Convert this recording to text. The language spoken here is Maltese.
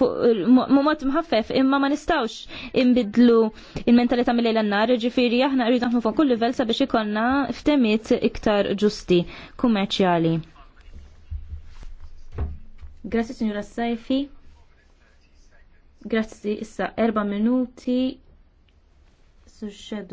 mod mħaffef imma ma nistawx imbidlu il-mentalità mill-lejla nar, ġifiri aħna rridu naħmu fuq kull livell sabiex ikonna ftemiet iktar ġusti, kummerċjali. Grazzi Signora Sajfi. Grazzi issa erba' minuti. Suxxedu.